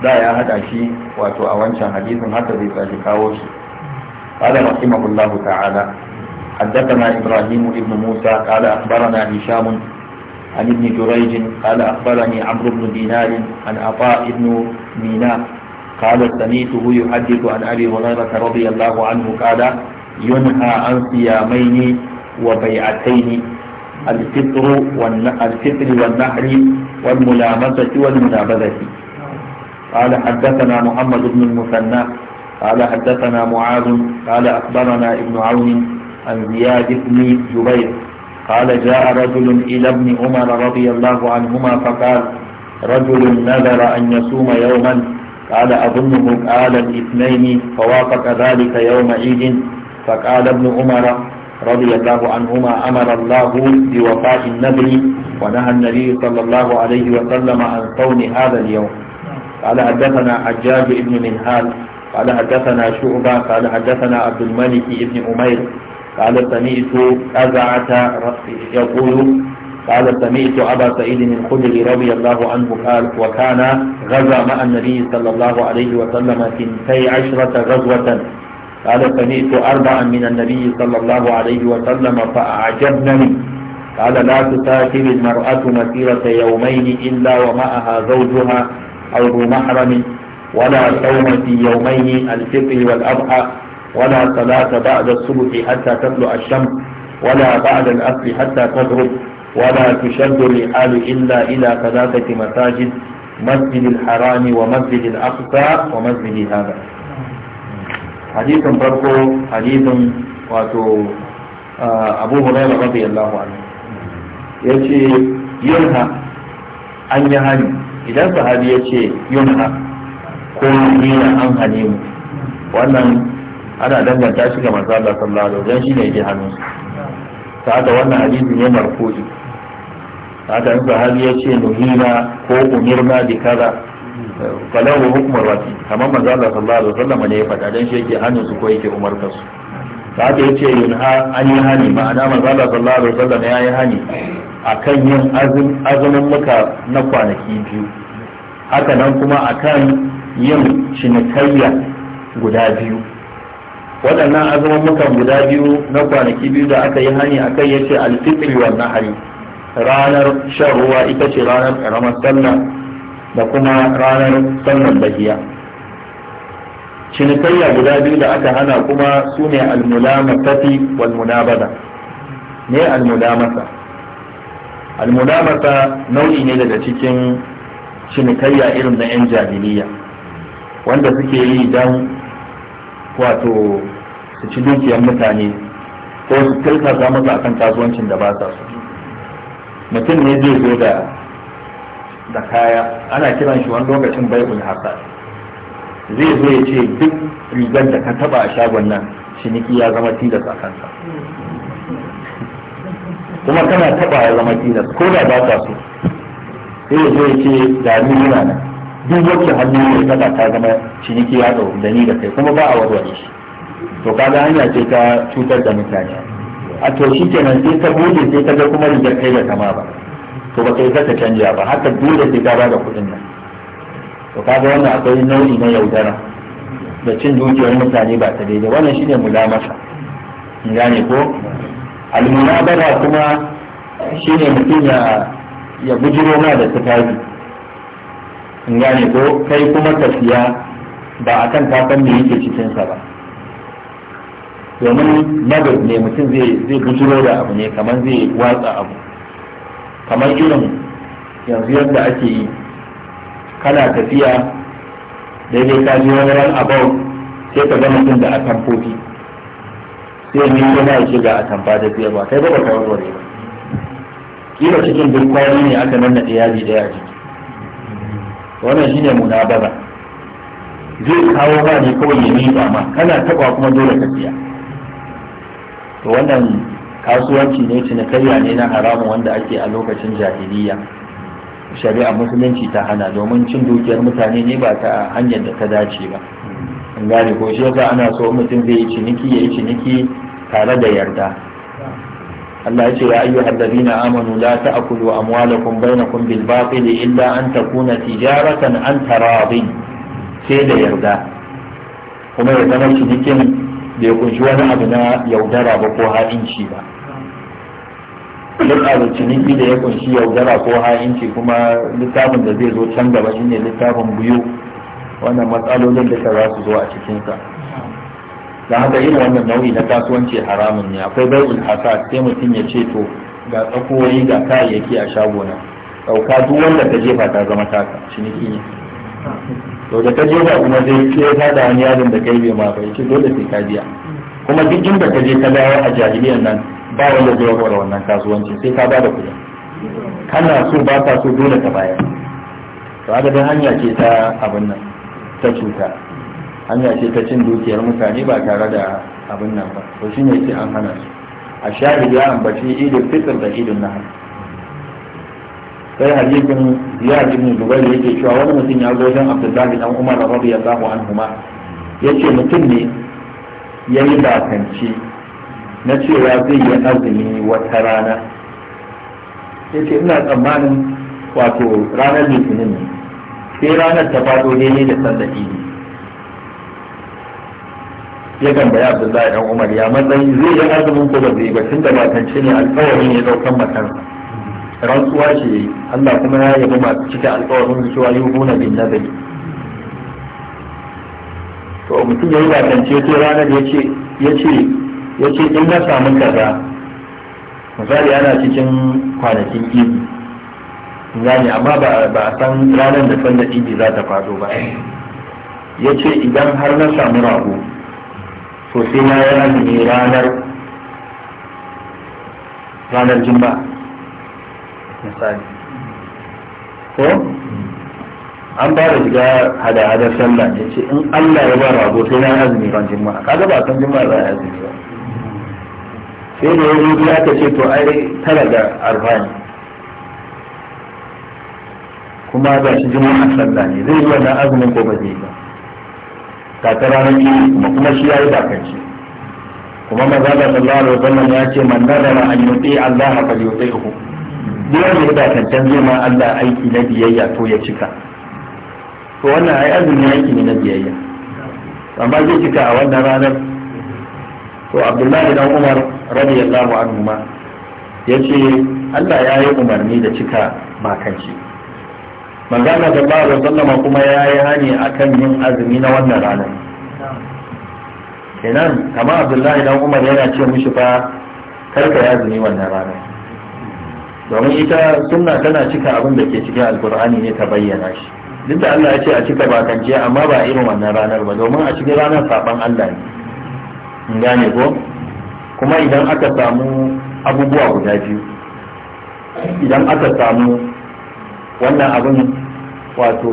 da ya hada shi wato a wancan hadisin haka zai tsaki kawo shi قال رحمه الله تعالى حدثنا إبراهيم بن موسى قال أخبرنا هشام عن ابن جريج قال أخبرني عمرو بن دينار عن عطاء بن ميناء قال سميته يحدث عن أبي هريرة رضي الله عنه قال ينهى عن صيامين وبيعتين الفطر الفطر والنحر والملامسة والمنابذة قال حدثنا محمد بن المثنى قال حدثنا معاذ قال أخبرنا ابن عون عن زياد بن جبير قال جاء رجل إلى ابن عمر رضي الله عنهما فقال رجل نذر أن يصوم يوما قال أظنه قال الاثنين فوافق ذلك يوم عيد فقال ابن عمر رضي الله عنهما أمر الله بوفاء النذر ونهى النبي صلى الله عليه وسلم عن صوم هذا اليوم قال حدثنا حجاج بن منهال قال حدثنا شعبة قال حدثنا عبد الملك بن أمير قال سمعت أزعة يقول قال سمعت أبا سعيد الخدري رضي الله عنه قال وكان غزا مع النبي صلى الله عليه وسلم في عشرة غزوة قال سمعت أربعا من النبي صلى الله عليه وسلم فأعجبني قال لا تسافر المرأة مسيرة يومين إلا ومعها زوجها أو ذو محرم ولا صوم في يومين الفطر والأضحى ولا صلاة بعد الصبح حتى تطلع الشمس ولا بعد الأصل حتى تغرب ولا تشد الرحال إلا إلى ثلاثة مساجد مسجد الحرام ومسجد الأقصى ومسجد هذا حديث فرقه حديث واتو أبو هريرة رضي الله عنه يجي ينهى أن يهني إذا صحابي يجي ينهى كون هنا أن هنيم وأنا أنا دمت أشكى مسألة صلى الله عليه وسلم شيء يجي هنوس ta da wannan hadisin ya marfu'i haka in sahabi ya ce nuhina ko umirna bi kaza falahu hukumar wasi kamar manzo Allah sallallahu alaihi wasallam ne ya faɗa dan shi yake hannun su ko yake umartar su haka yace yunha an yi hani ma'ana manzo Allah sallallahu alaihi wasallam ya yi hani akan yin azumin muka na kwanaki biyu haka nan kuma akan yin cinikayya guda biyu waɗannan azumin muka guda biyu na kwanaki biyu da aka yi hani akan yace alfitri wa nahari ranar shan ruwa ita ce ranar karamar sallah da kuma ranar sallar bahiya cinikayya guda biyu da aka hana kuma su ne almulamatati wal ne almulamata almulamata nau'i ne daga cikin cinikayya irin na 'yan jahiliya wanda suke yi don wato su ci dukiyar mutane ko su tilkasa musu akan kasuwancin da ba sa su mutum ne zai zo da da kaya ana kiran shi wani lokacin bai'ul haka zai zo ya ce duk rigar da ka taba a shagon nan ciniki ya zama tilas a kansa kuma kana taba ya zama tilas ko da ba ka so sai ya zo ya ce da nuna duk wacce hannu ya taba ta zama ciniki ya da ni da kai kuma ba a warware shi to kaga hanya ce ta cutar da mutane a to shi kenan sai ta goge sai ta ga kuma rigar kai da kama ba to ba kai ka canja ba haka dole sai ka ba da kuɗin nan to ga wannan akwai nau'i na yaudara da cin dukiyar mutane ba ta daidai wannan shine mulamasa in gane ko almunabara kuma shine mutum ya ya bujiro ma da tufafi in gane ko kai kuma ka siya ba akan ta san me yake cikinsa ba domin nagar ne mutum zai zai da abu ne kamar zai watsa abu kamar irin yanzu yadda ake yi kana tafiya daidai ka ji wani ran abau sai ka gama mutum da tamfofi sai ne yana shiga a tamfa da biyar ba kai ba kawo zuwa ba kila cikin duk kwari ne aka nannaɗe yadi ɗaya a jiki wannan shine munabaza zai kawo ba ne kawai ya miƙa ma kana taɓa kuma dole ka siya to wannan kasuwanci ne cinikayya ne na haramun wanda ake a lokacin jahiliya shari'a musulunci ta hana domin cin dukiyar mutane ne ba ta hanyar da ta dace ba in gane ko shi yasa ana so mutum zai yi ciniki ya yi ciniki tare da yarda Allah ya ce ya ayyuha alladhina amanu la ta'kulu amwalakum bainakum bil batili illa an takuna tijaratan an taradin sai da yarda kuma ya zama cinikin bai kunshi wani abu na yaudara ba ko ha'inci ba duk ciniki da ya kunshi yaudara ko ha'inci kuma littafin da zai zo can gaba shine littafin biyu wannan matsalolin da za su zo a cikinsa da haka yin wannan nau'i na kasuwanci haramun ne akwai bai'ul hasad sai mutum ya ce to ga tsakowai ga kayayyaki a shago na ɗauka duk wanda ka jefa ta zama taka ciniki ne to da ka je ba kuma sai ke ka da wani yaron da kai bai ma bai dole sai ka biya kuma duk inda ka je ka dawo a jahiliyar nan ba wanda zai warware wannan kasuwanci sai ka ba da kuɗi kana so ba ka so dole ka bayar to haka hanya ce ta abin nan ta cuta hanya ce ta cin dukiyar mutane ba tare da abin nan ba to shine sai an hana su a shahidi ya ambaci idin fitr da idin nahar sai ji mu ibn da yake cewa wani mutum ya zo wajen abdullahi dan umar radiyallahu ya ce mutum ne ya yi bakance na cewa zai yi azumi wata rana ce ina tsammanin wato ranar litinin ne sai ranar ta fado daidai da sallar idi ya tambaya abdullahi dan umar ya matsayi zai yi azumin ko ba zai ba tunda bakance ne alkawari ne daukan makansa rantsuwa ce Allah kuma ya yabi masu cikin alkawarin da cewa buna bin nabi to mutum ya yi bakance sai ranar ya ce ya ce in na samu kaza misali ana cikin kwanakin ibi zani amma ba a san ranar da sanda ibi za ta faso ba ya ce idan har na samu rago to sai na yi ranar ranar juma'a misali ko an ba da shiga hada-hadar sallah ya ce in Allah ya ba rago sai na azumi ban jima'a kaga ba kan jima'a za a azumi ba sai da ya rubi aka ce to ai tara da arba'in kuma ga shi jima'a sallah ne zai yi wannan azumin ko ba zai ba ta ta ranar kuma kuma shi ya yi bakanci kuma maza da sallah da wasallam ya ce man nazara an yuti Allah fa yuti biyar da ya zai ma Allah aiki na biyayya to ya cika to wannan ai azumi aiki ne na biyayya amma zai cika a wannan ranar to Abdullahi dan Umar radiyallahu anhu ma ce Allah ya yi umarni da cika makanci da ba da sallama kuma ya yi hani akan yin azumi na wannan ranar kenan kamar Abdullahi dan Umar yana ce mishi fa karka ya azumi wannan ranar domin ita suna tana cika abin da ke cikin alkur'ani ne ta bayyana shi duk da Allah ya ce a cika bakance amma ba irin wannan ranar ba domin a cikin ranar saban Allah ne in gane ko kuma idan aka samu abubuwa guda biyu idan aka samu wannan abin wato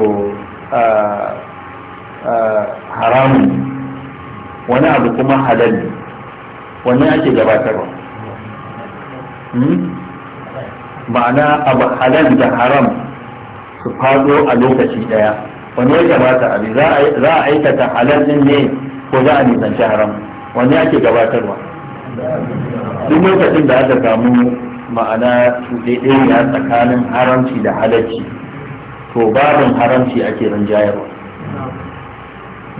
haramun wani abu kuma halal ne wannan ake gabatarwa hmm? ma'ana abu halal da haram su faɗo a lokaci ɗaya wani ya gabata abi za a aikata halal din ne ko za a nisanci haram wani ake gabatarwa duk lokacin da aka samu ma'ana cuɗeɗeniya tsakanin haramci da halarci to babin haramci ake rinjayarwa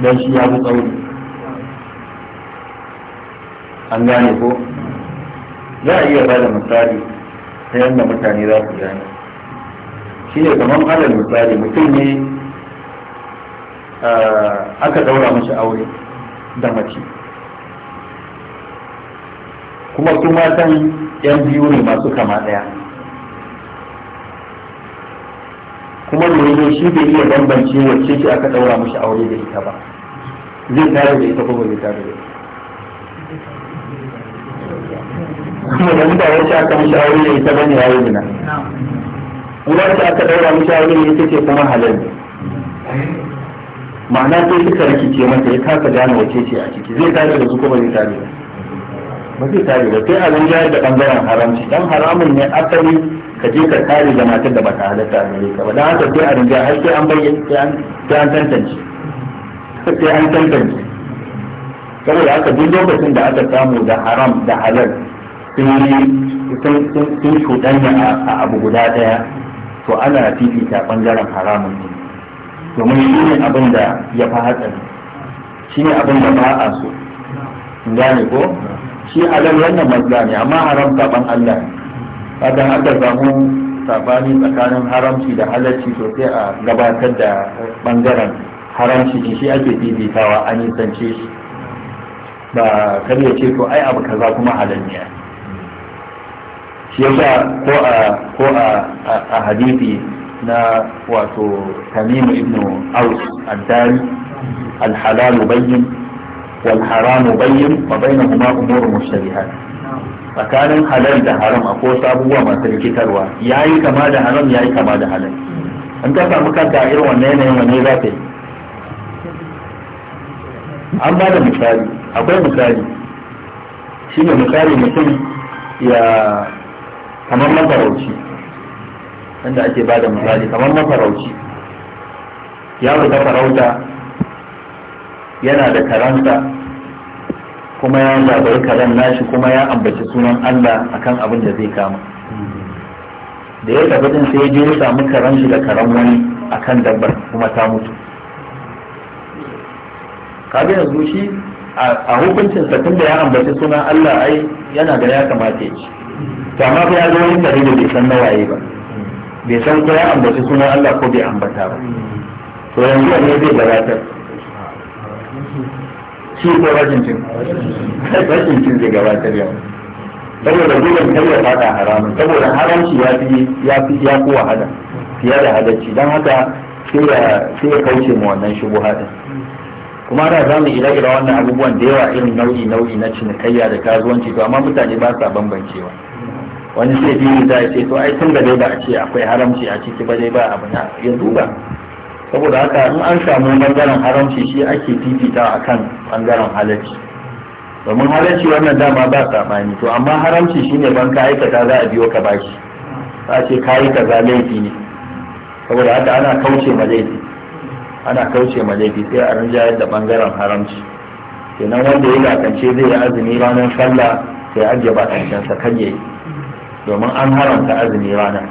don shi ya fi tsauri an gane ko za a iya ba da misali ta yadda mutane za su gane shi ne kamar alal misali mutum ne ah, aka daura mashi aure da mace kuma su matan yan biyu ne masu kama ɗaya kuma domin shi bai iya bambance wacce ce aka ɗaura mashi aure da ita ba zai tare da ita kuma bai tare da ita kuma da mutane shi aka mishi aure ne ita bane yayi gina, uwa ce aka daura mishi aure ne ita ce kuma halal ma'ana sai suka rikice mata ya kasa gane wace ce a ciki zai tare da su ko ba zai tare ba ba zai tare ba sai abin ya da bangaren haramci dan haramun ne asali ka je ka tare da matar da baka halatta a gare ka ba dan haka sai a rinja har sai an bayyana sai an sai an tantance sai an tantance saboda haka duk lokacin da aka samu da haram da halal sun cuɗanya a abu guda ɗaya to ana fifita ɓangaren haramun ne domin shi ne abin da ya fi hatsari shi ne abin da ba a so gane ko shi halal wannan mazga ne amma haram saban Allah ne kaga aka samu sabani tsakanin haramci da halarci sosai a gabatar da bangaren haramci shi ake fifitawa an yi sance shi ba kar ya ce to ai abu kaza kuma halal ne shi yasa ko a ko a hadisi na wato tamim ibn aus ad-dari al-halal bayyin wal haram bayyin wa bainahuma umur mushtabihat tsakanin halal da haram a wasu abubuwa masu rikitarwa ya yi kama da haram ya yi kama da halal in ka samu kanka a irin wannan yanayin wanne za ta yi an ba da misali akwai misali shi ne misali mutum ya kamar mafarauci inda ake bada misali kamar mafarauci ya fita farauta yana da karanta kuma ya zabar karen nashi kuma ya ambaci sunan Allah akan abin da zai kama da ya tafi din sai je ya samu karen shi da karen wani akan dabbar kuma ta mutu kaga yanzu shi a hukuncin sa tunda ya ambaci sunan Allah ai yana da ya kamata ya ci ta ma fi ya zo wani tare da bai san nawaye ba bai san ko ya ambaci sunan Allah ko bai ambata ba to yanzu ne zai baratar. shi ko rajincin? cin rajincin zai gabatar yau saboda gudun kai ya fada haramun saboda haramci ya fi ya fi ya kuwa hada fiye da hadacci don haka sai ya kauce mu wannan shubuhatin kuma da za mu ire-ire wannan abubuwan da yawa irin nau'i-nau'i na cinikayya da kasuwanci to amma mutane ba sa bambancewa wani sai biyu ta a ce to ai tun da dai ba a ce akwai haramci a ciki ba dai ba abu na ya duba saboda haka in an samu bangaren haramci shi ake fifita a kan bangaren halarci domin halarci wannan dama ba saɓani to amma haramci ne ban ka aikata za a biyo ka bashi za a ce ka yi kaza laifi ne saboda haka ana kauce ma laifi ana kauce ma laifi sai a rinjayar da bangaren haramci kenan wanda ya lakance zai yi azumi ranar sallah sai ajiye bakancensa kan yayi domin an haramta azumi ranar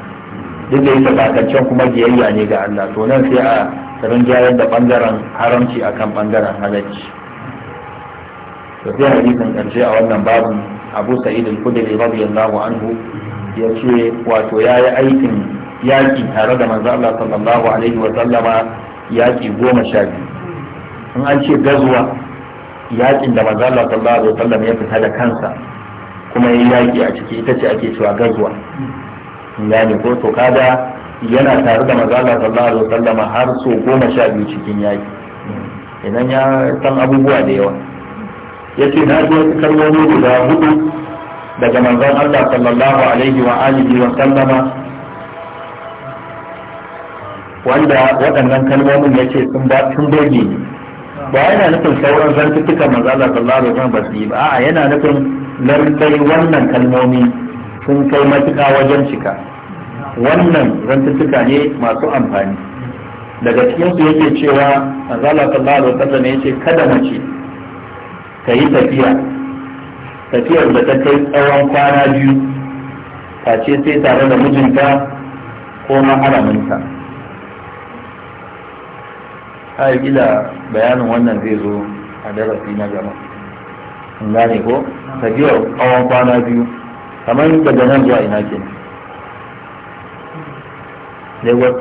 duk da yake bakancen kuma biyayya ne ga Allah to nan sai a rinjayar da bangaren haramci akan bangaren halacci to sai hadisin karshe a wannan babu Abu Sa'id al-Khudri radiyallahu anhu ya ce wato yayi aikin yaki tare da manzo Allah sallallahu alaihi wa sallama yaƙi goma sha biyu in an ce gazuwa yaƙin da maza sallallahu alaihi wasallam ya fita da kansa kuma ya yaƙi a ciki ita ce ake cewa gazuwa gane ko to kada yana tare da maza sallallahu alaihi wasallam har so goma sha biyu cikin yaƙi idan ya san abubuwa da yawa yace na ji wasu kalmomi guda hudu daga manzon Allah sallallahu alaihi wa alihi wa sallama wanda waɗannan kalmomin ya ce sun ba sun burge ni ba yana nufin sauran zantuttuka manzo Allah sallallahu alaihi wasallam ba su yi ba a'a yana nufin lallai wannan kalmomi sun kai matuka wajen cika wannan zantuttuka ne masu amfani daga cikin su yake cewa manzo sallallahu alaihi wasallam ya ce kada mace ta yi tafiya tafiyar da ta kai tsawon kwana biyu ta ce sai tare da mijinta ko maharaminta a gila bayanin wannan zai zo a darasi na gaba in gane ko tafiyar tsawon kwana biyu kamar daga nan zuwa ina ke lagos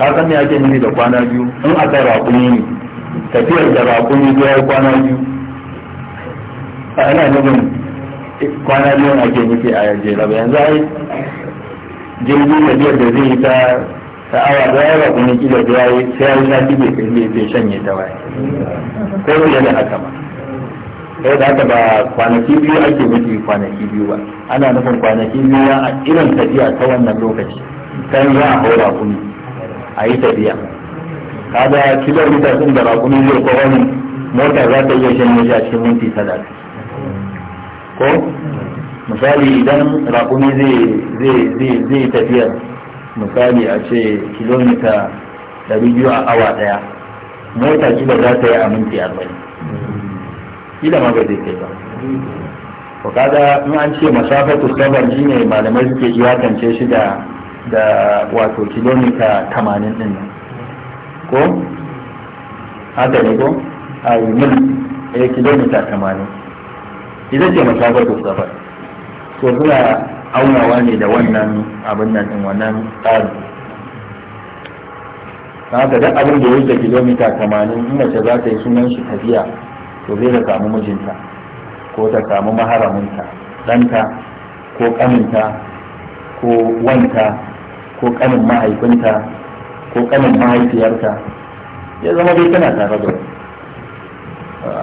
ka san ne ake nuni da kwana biyu in aka rakuni ne tafiyar da rakuni zuwa kwana biyu a ina nufin kwana biyu ake nufi a yaje ba yanzu ai jirgin tafiyar da zai yi ta sa'awa awa da yawa ne kila da yayi sai ya shafi bai kai bai shanye ta waye ko fiye da haka ba? sai da haka ba kwanaki biyu ake miki kwanaki biyu ba ana nufin kwanaki biyu a irin tafiya ta wannan lokaci kan za a haura kuma a yi tafiya kada kilomita sun da rakuni zai ko wani mota za ta iya shanye shi a cikin minti talatin ko misali idan rakumi zai tafiya misali a ce kilomita 200 a awa daya mota kila za ta yi a minti 40 kila ma ba zai kai ba to kaga in an ce masafatu sabar shine malamai suke iyakance shi da da wato kilomita 80 din nan ko haka ne ko a yi mil eh, kilomita 80 ita ce masafatu sabar to suna aunawa ne da wannan abin nan din wannan tsari haka duk abin da ya kilomita tamanin in mace za ta yi sunan shi tafiya to zai da samu mijinta ko ta samu maharaminta ɗanta ko ƙaninta ko wanta ko ƙanin mahaifinta ko ƙanin mahaifiyarta ya zama dai tana tare da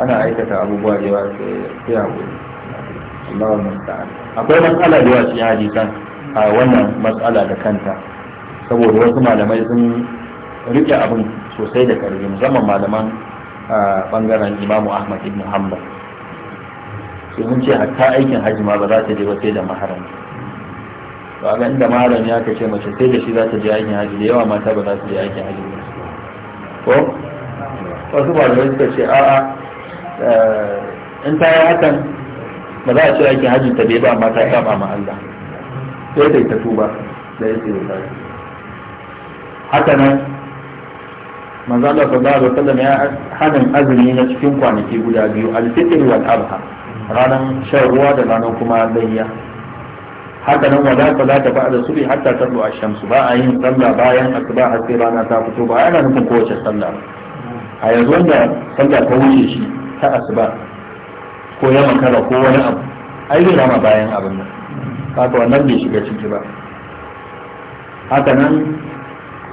ana aikata abubuwa da yawa sai ya Allahu musta'an akwai matsala da ya cikin kan a wannan matsala da kanta saboda wasu malamai sun rike abin sosai da karfi musamman malaman bangaren Imam Ahmad ibn Hanbal sai mun ce hatta aikin hajji ma ba za ta je ba sai da maharam to ga inda maharam ya kace mace sai da shi za ta je aikin hajji da yawa mata ba za su je aikin hajji ba ko wasu malamai suka ce a'a eh, in ta yi hakan ba za a ce aikin hajji ta bai ba amma ta kama ma Allah sai ta yi ta tuba da yake da tsari haka nan manzo Allah sallallahu alaihi wasallam ya hanin azumi na cikin kwanaki guda biyu al-fitr wal adha Ranan shan ruwa da ranar kuma layya haka nan wala ta ta ba'da subhi hatta tadlu a shamsu ba a yin sallah bayan asuba har sai rana ta fito ba ana nufin kowace sallah a yanzu wanda sallah ta wuce shi ta asuba ko ya makara ko wani abu ai zai rama bayan abin nan haka wannan bai shiga ciki ba haka nan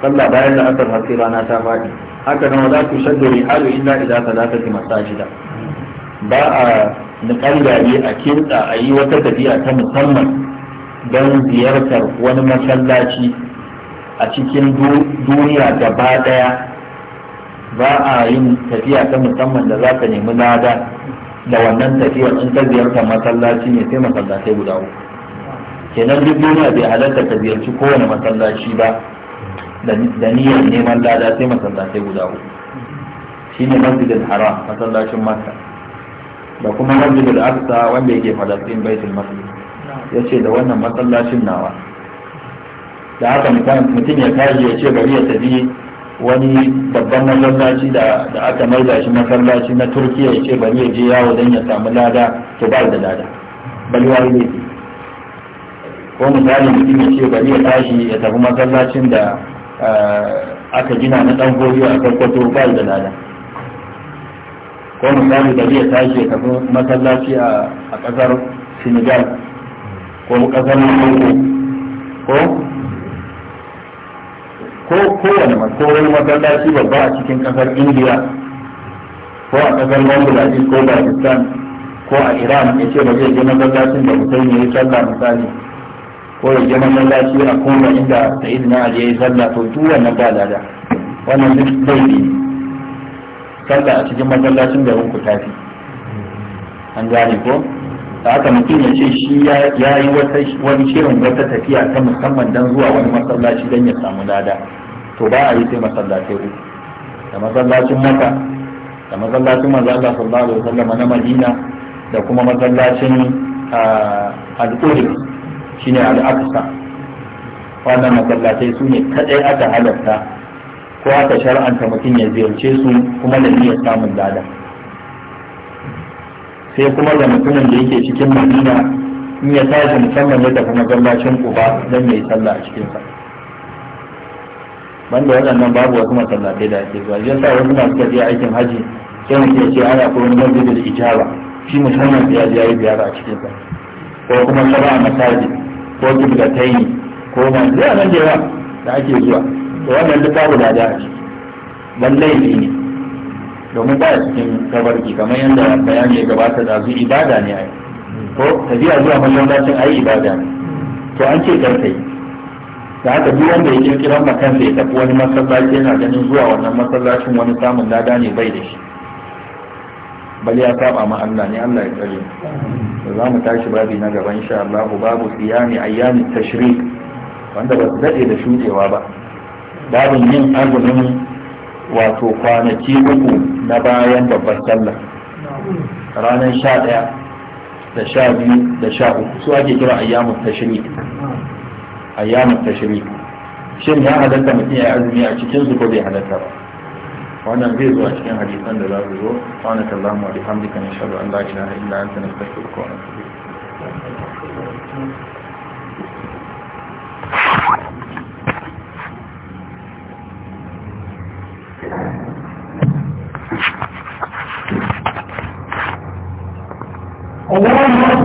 sallah bayan da asar har sai rana ta faɗi haka nan za ku shaddu rihalu illa idan salatati masajida ba a niƙallari a kinta a yi wata tafiya ta musamman don ziyartar wani masallaci a cikin duniya gaba ɗaya ba a yin tafiya ta musamman da za ka nemi lada da wannan tafiyar in ka ziyarta masallaci ne sai masallatai guda uku kenan duk duniya bai halarta ka ziyarci kowane masallaci ba da niyyar neman lada sai masallatai guda uku shine masjidil haram masallacin makka da kuma masjidil aqsa wanda yake falastin baitul Ya ce da wannan masallacin nawa da haka mutum ya kaji ya ce bari ya tafi wani babban masallaci da aka maida shi masallaci na turkiya ya ce bari ya je yawo don ya samu lada to ba da lada bari wani ne ko misali mutum ya ce bari ya tashi ya tafi masallacin da eh, aka gina na dan goyo a kwakwato ba da lada ko misali bari ya tashi ya tafi masallaci a kasar senegal ko kasar morocco ko ko kowane masoyin masallaci babba a cikin kasar indiya ko a kasar bangladesh ko pakistan ko a iran ya ce ba zai je masallacin da mutum ya yi sallah misali ko ya je masallaci a kuma inda ta izina a ya yi sallah to duk wannan ba lada wannan duk ne, sallah a cikin masallacin da ku tafi an gane ko da aka mutum ya ce shi ya yi wani shirin wata tafiya ta musamman don zuwa wani masallaci don ya samu lada to ba a yi sai masallatai uku da masallacin maka da masallacin maza Allah sallallahu alaihi wasallam na Madina da kuma masallacin al-Qudus shine al-Aqsa wannan masallatai su ne kadai aka halatta ko aka shar'anta mutum ya ziyarce su kuma da niyyar samun lada sai kuma da mutumin da yake cikin Madina in ya tashi musamman ya tafi masallacin Quba dan mai sallah a cikin sa banda waɗannan babu wasu masallatai da ake zuwa yasa wasu masu suka je aikin haji sai mu ya ce ana ko wani masjid da ijaba shi musamman ya je yayi ziyara a cikin sa ko kuma a masaji ko kiblataini ko man zai nan da yawa da ake zuwa to wannan duk babu da a ciki ban laifi ne domin ba cikin kabarki kamar yadda bayani ya gabata da su ibada ne a yi. ko tafiya zuwa masallacin ayi ibada ne to an ce kar da haka duk wanda ya kirkira makansa ya tafi wani masallaci yana ganin zuwa wannan masallacin wani samun lada ne bai da shi bal ya saba ma Allah ne Allah ya tsare da za mu tashi babi na gaba insha Allah babu siyami ayyami tashrik wanda ba su dade da shudewa ba babin yin azumin wato kwanaki uku na bayan babbar sallah ranar sha ɗaya da sha biyu da sha uku su ake kira ayyamun tashrik ايام التشريق شن يا هذا لما تي اعزمي على شكل زكو دي هذا ترى وانا في زو عشان هذه فند لا زو وانا كلام ما بفهم دي كان ان شاء الله الله لا اله الا انت نستشكرك وانا Allah'a